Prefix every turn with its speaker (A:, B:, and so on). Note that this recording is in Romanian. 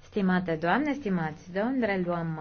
A: Stimate doamne, stimați domn, reluăm